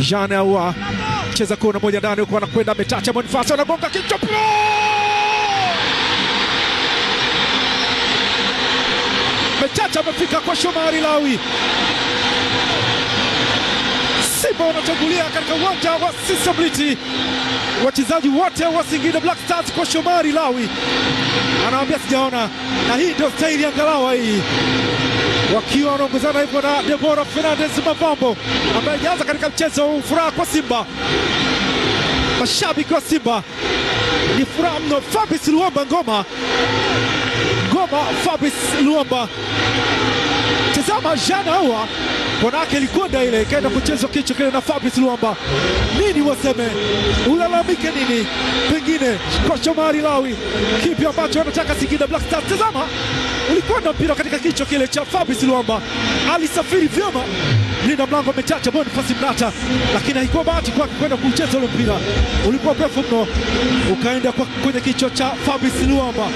Jean Ahoua cheza kona moja ndani huko, anakwenda ametacha Boniface, anagonga kichwa Mechacha amefika kwa Shomari Lawi. Simba wanatangulia katika uwanja wa Sisability, wachezaji wote wa Singida Black Stars kwa Shomari Lawi, anawambia sijaona, na hii ndio staili ya hii wakiwa wanaongozana hivyo na Debora Fernandez Mavambo ambaye ajaanza katika mchezo huu. Furaha kwa Simba, mashabiki wa Simba ni furaha mno. fabis Luomba ngoma ngoma, fabis Luomba, tazama jana huwa wanawake ilikwenda ile ikaenda kuchezwa kichwa kile na Fabrice Luamba. Nini waseme, ulalamike nini? Pengine kwa Shomari Lawi, kipi ambacho anataka Singida Black Stars? Tazama, ulikwenda mpira katika kichwa kile cha Fabrice Luamba, alisafiri vyema linda mlango amechacha Bonifasi Mnata, lakini haikuwa bahati kwake kwenda kucheza ule mpira, ulikuwa mrefu mno, ukaenda kwenye kichwa cha Fabrice Luamba.